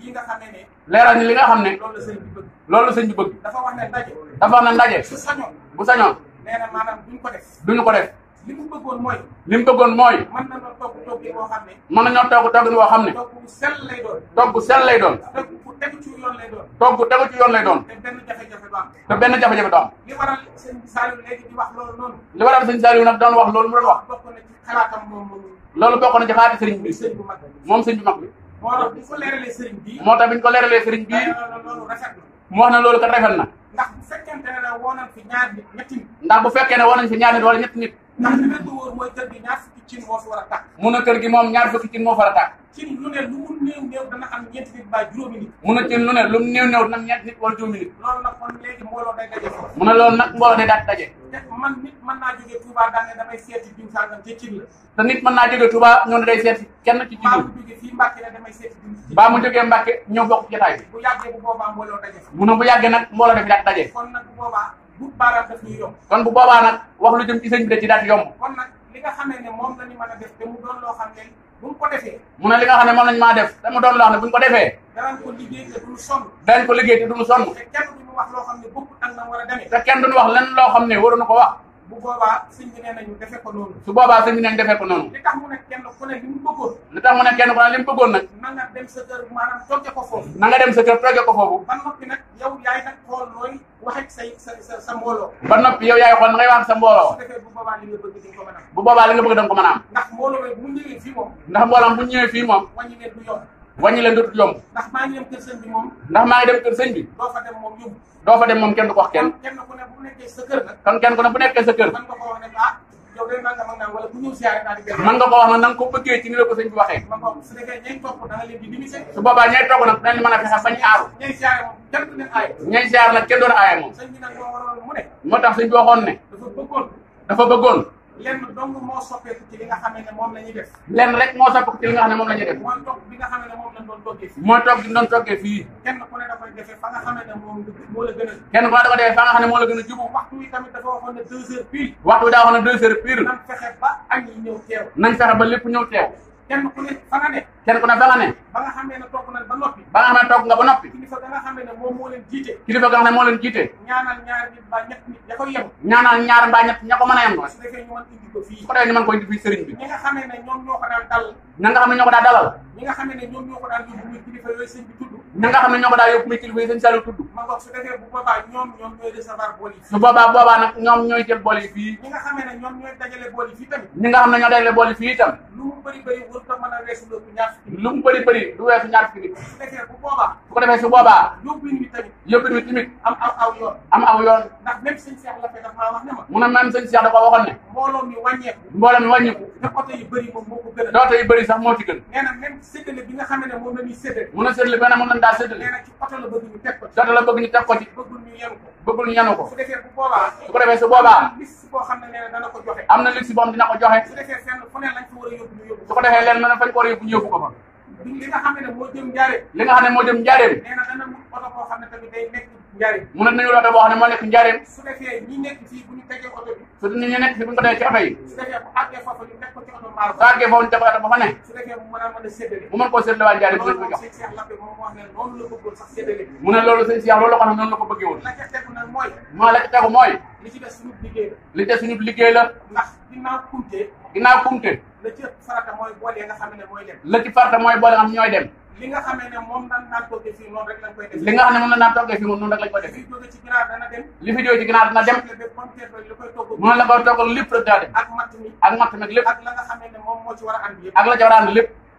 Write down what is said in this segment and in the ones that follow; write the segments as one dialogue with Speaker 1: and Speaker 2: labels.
Speaker 1: lii nga xam ne leeral ni li nga xam ne loolu la sëñ bi bëgg loolu la sëñ bi bëgg dafa wax ne ndaje dafa wax ne ndaje bu sañoon bu sañoon nee na maanaam duñ ko def duñu ko def li mu bëggoon mooy. li mu bëggoon mooy. mën nañoo togg xam ne. mën nañoo lay doon. togg bu sell lay lay doon. te benn jafe-jafe du li waral sëñ Saliou nag daan wax loolu mu wax. loolu bokk na ci xalaati sëriñ bi. moom sëñ mag moo tax bi ñu ko leeralee sëriñ sëriñ bii. mu wax na loolu kat na. ndax bu la woo nañ fi ñaar nit ñetti nit. ndax bu fekkee ne woo nañ fi ñaar nit wala ndax li wér ba wóor mooy kër gi ñaar fukki cin moo fi war a tàkk mun a kër gi moom ñaar fukki cin moo fi war a tàkk cin lu ne lu mu néew néew dana am ñeenti nit ba juróomi nit mun a cin lu ne lu mu néew néew dana am ñeenti nit wala juróomi nit loolu nag kon léegi mbooloo day daje foofu mun a loolu nag mbooloo day daal daje te man nit mën naa jógee Touba daane damay seeti diw sàngam ca cin la te nit mën naa jógee Touba ñoo ne day seeti kenn ci cin mu jógee fii Mbàkke ne damay seeti diw baa mu jógee Mbàkke ñoo bokk jotaay bi bu yàggee bu boobaa mbooloo daje mun a bu yàggee nag mbooloo dafi daal daje kon nag bu boobaa bu baaraam daf ñuy yomb. kon bu boobaa wax lu jëm ci sëñ bi da ci daal li nga xamee ne moom la ñu mën a mu doon loo xam ne bu mu ko defee. ne li ne moom la ñu maa def te mu doon loo xam ne bu ñu ko defee. danañ ko liggéey te duñu sonn. danañ ko liggéey te duñu wax loo xam ne bokkul ak na war a demee. te kenn wax lenn loo xam ne waroon na ko wax bu boobaa sëñ bi nee nañu defe ko su boobaa sëñ bi nee nañu defe ko noonu li tax mu ne kenn ku ne li mu tax mu ne kenn ku ne li mu bëggoon nga dem sa kër maanaam togge ko foofu na nga dem sa kër togge ko foofu ba noppi nag yow yaay nag xool nooy waxee sa sa sa mbooloo ba noppi yow yaay xool na ngay wax sa mbooloo bu boobaa li nga bëgg di ko mën a am bu boobaa li nga bëgg da nga ko mën a am ndax mbooloo bu ñëwee fii moom ndax mbooloo bu ñëwee fii moom wàññi leen du yomb wañi len dootul yomb ndax ma ngi dem keur señ bi mom ndax ma ngi dem keur señ bi do fa dem mom fa dem kenn du ko wax kenn kenn ku ne bu sa kon kenn ku ne bu man nga ko wax ah di man nga ko wax ko ci ni la ko señ bi waxé su ñay da nga leen di su dañ bañ aaru ñay siyaare mom kenn du leen aaye ñay siyaare nag kenn doon aaye moom bi nak mo mu ne motax señ bi waxon ne dafa dafa lenn dong moo sopp ci li nga ne moom la ñuy def. lenn rek moo soppeeku ci li nga xam ne moom la ñuy def. mooy toog bi xam ne moom lañ doon toggee fii. mooy toog bi ñu doon toggee kenn ku ne dafay defee fa nga xam ne moom moo la gën a. kenn ne dafa la gën a jubu. waxtu wi tamit dafa waxoon ne deux heures waxtu daa waxoon ne deux heures pile. fexe ba añ yi ñëw teew. nañ fexe ba lépp ñëw teew. kenn ku ne fa nga ne. ba nga xam ne toog na ba noppi. ba nga xam ne toog nga ba noppi. kilifa ga nga xam ne moom moo leen jiite. kilifa ga nga xam ne moo leen jiite. ñaanal ñaar nit mbaa ñett nit ña koy yem. ñaanal ñaar mbaa ñett ña ko mën a yem. su fekkee ñu mën indi ko fii. ko defee ñu mën ko indi fii sëriñ bi. ñi nga xam ne ñoom ñoo ko daan dalal. ña nga xam ne ñoo ko daan dalal. ñi nga xam ne ñoom ñoo ko daan yóbbu muy kilifa yooyu sëñ bi tudd. ña nga xam ne ñoo ko daan yóbbu muy kilifa yooyu sëñ Saliou tudd. ma bokk su defee bu boobaa ñoom ñoom ñooy recevoir bool yi. su boobaa boobaa nag ñoom ñooy jël bool yi fii. ñi nga xam ne ñoom ñooy dajale bool yi fii tamit. ñi nga xam ne ñoo dajale bool yi fii tamit. lu mu bëri bëri wër ko mën a weesu ñaar lu mu bëri bëri du weesu ñaar fukki nit. bu boobaa. bu ko defee su boobaa. yóbbuñu bi tamit. tamit. am aw yoon. am aw yoon. ndax même sëñ Cheikh la fay dafa maa wax ne ma. mu ne même sëñ Cheikh dafa waxoon ne. mbooloo mi ndax oto bëri moom moo ko gën a. te oto yu na même séddale mun a daa séddale. nee bëgg ñu teg ci. oto bëgg ñu teg ci. bëggul ñu yenu ko. bëggul ñu yenu ko. su defee am na liste boo xam dina ko joxe. su yóbbu ñu na fañ ko war a yóbbu ko fa li nga xam ne moo jëm Njaareem. li nga xam ne moo jëm Njaareem. nee na dana mu oto boo xam ne tamit day nekk Njaareem. mun nañu la oto boo xam ne moo nekk Njaareem. su defee ñi nekk fii bu ñu tegee oto bi. su ñu nekk fii bu ñu ko tegee ci oto yi. su defee bu àggee foofu ñu nekk ko ci oto mbaar. su àggee foofu ñu def oto ba fa ne. su defee mu mën a mën a séddale. mu mën koo séddale waa Njaareem loolu moom sëñ Cheikh Lappé moom wax ne noonu la bëggoon sax séddale. mu ne loolu sëñ Cheikh loolu la ko xam noonu la ko bëggee woon. la ca tegu nag mooy. moo la ca tegu mooy. li ci des suñu liggéey la. li des suñu liggéey la. ndax ginnaaw kumte. ginnaaw kumte. la ci farata mooy boole nga xam ne mooy dem. la ci farata mooy boole nga xam ñooy dem. li nga xam ne moom nan naan toggee fii noonu rek lañ koy def. li nga xam ne moom nan naan toggee fii moom noonu rek lañ koy def. li fi jóge ci ginaar dana dem. li fi jóge ci ginaar dana dem. moom la koy toggal lépp rek daa dem. ak matt mi ak matt mi lépp. ak la nga xam ne moom moo ci war a ànd lépp. ak la ci war a ànd lépp.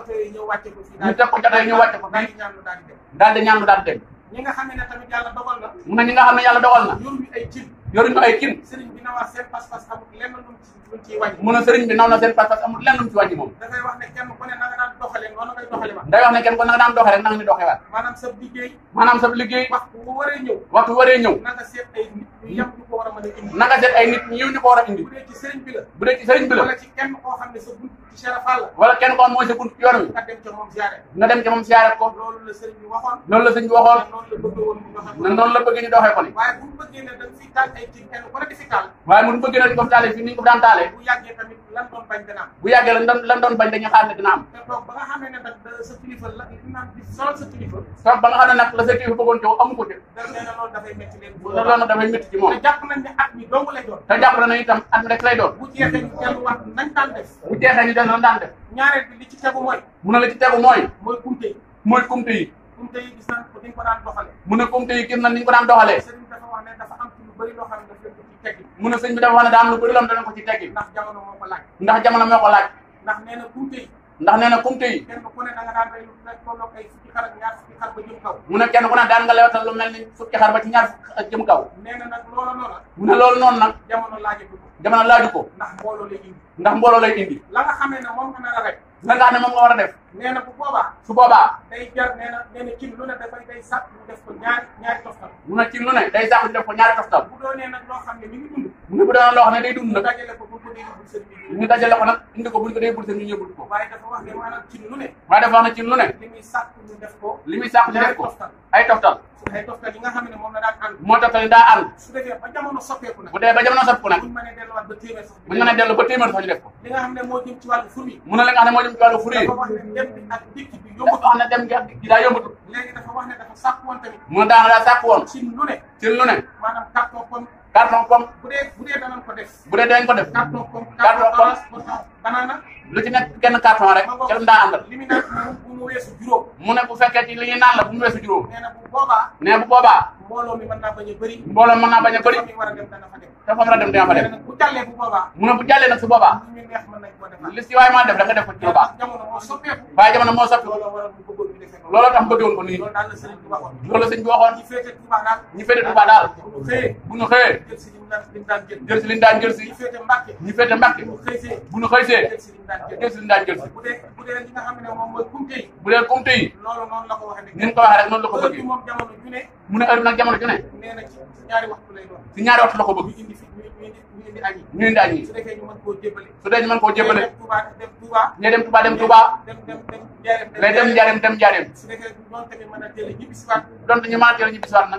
Speaker 1: oto yi ñëw wàcce ko fii ñu teg ko oto yi ñëw wàcce ko fii daal di ñaanu daal di dem ñi nga xam ne tamit yàlla dogal na mu ne ñi nga xam ne yàlla dogal na yoruñu ay cin yoruñu ay cin sëriñ bi nawaa seen pas-pas amul lenn lu mu ciy wàññi mu ne sëriñ bi naw na seen pas-pas amul lenn lu mu ci wàññi moom dafay wax ne kenn ku ne na nga daan doxale noonu ngay doxale waat day wax ne kenn ku ne na nga daan doxale rek na nga ñu doxee waat maanaam sa liggéey maanaam sa liggéey waxtu bu waree ñëw waxtu bu waree ñëw na nga seet ay nit ñu yem ñu ko war a mën a indi na nga seet ay nit ñu yiw ñu ko war a indi bu dee ci sëriñ bi la bu dee ci sëriñ bi la wala ci kenn koo xam ne sa ci Cheikh Fall wala kenn ko mooy sa bunt yoon dem ci moom ziaré nga dem ci moom ziaré ko loolu la sëriñ bi waxoon loolu la sëriñ bi waxoon na noonu la bëgg ñu doxee ko ni waaye bu bëggee ne dañ fi taal ay tig kenn ko rek fi taal waaye mu bëggee ne ko taalee fi ni ko daan taalee bu yàggee tamit lan doon bañ dina am bu yàggee lan doon lan doon bañ dañu xaar ne dina am te ba nga xam ne sa kilifa la naan di sa kilifa ba nga la sa kilifa ko da ci nañ at mi lay doon itam at rek lay doon bu nañ def bu danoon daan def ñaareel bi ci tegu mooy mu ne la ci tegu mooy mooy kumte yi mooy kumte yi kumte yi gis nañ ko daan doxalee mu ne kumte yi gis nañ ni ñu ko daan doxalee sëriñ bi dafa ne dafa am ci wax ne daa lu bëri loo xam dana ko ci teggi ndax jamono moo ko laaj ndax jamono moo ko laaj ndax nee na kumte ndax nee na kum tey mu ne kenn ku ne daan nga lewatal lu mel ni na nag loolu noonu mu ne loolu noonu nag jamono laaju ko ndax mbooloo lay indi ndax mbooloo lay indi la nga xamee ne moom a rek la nga xam ne moom nga war a def nee bu booba su boobaa day jar nee na nee na cin lu ne day sàkk ñu ko ñaari toftal mu ne cin ne day sàkk ñu ko ñaari toftal bu doonee loo xam ne ne bu doonee loo xam ne day dund nag ñu dajale ko nag indi ko buñ ko dee pour ñu yëbul ko waaye dafa wax ne maanaam ci lu ne waaye dafa wax ne ci lu ne li muy ñu def ko li muy ñu def ko ay toftal ay toftal yi nga la daan ànd moo toftal yi daa ànd su defee ba jamono soppeeku nag bu dee ba jamono soppeeku nag buñ mënee delluwaat ba téeméer sax buñ mënee dellu ba téeméer sax def ko li nga xam ne jëm ci wàllu fur mu ne la nga xam ne jëm ci wàllu fur dafa wax ne dem ak dikk bi yombut wax ne dem ak dikk bi dafa wax ne dafa tamit mu daan ci lu ne ci lu ne carton carton bu bu ko def bu ko def carton carton orange pour banana. lu ci nekk kenn carton rek ca lu daa àndal. li mu nekk bu mu ne bu fekkee ci li naan la bu mu weesu juróom. nee bu boobaa. nee bu naa bañ a te fa war dem dana fa dem. te ne bu jàllee nag su boobaa. li maa def da def ko ci lu baax. moo soppeeku. looloo tax bëggoon ko nii. loolu la sëñ ñi féete Touba daal. bu ñu xëyee jël si liñ daan si ñu féete Mbàkke bu ñu xëysee si liñ si bu dee bu bu dee kumte yi loolu noonu la ko nag jamono ju ne si ñaari waxtu la ko bëgg ñu indi ñu indi dee ñu mën koo jébbale dem dem Touba dem Touba lay dem Njaareem dem Njaareem su defee a a ñu mën a teel a na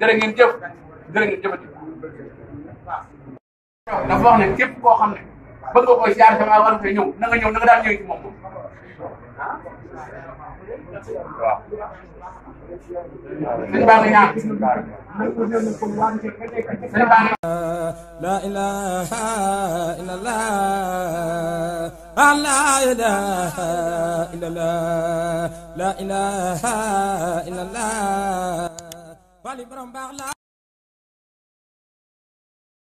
Speaker 1: jërë ngeen jëf jërë ngeen jëfati dafa wax ne képp koo xam ne bëgg nga koy siyaar sama war nga ñëw na nga ñëw na nga daan ñëw ci moom waaw sëñ baa ngi ñaan sëñ baa ngi la ilaha illallah لا إله إلا الله لا إله إلا الله Faly borom baax la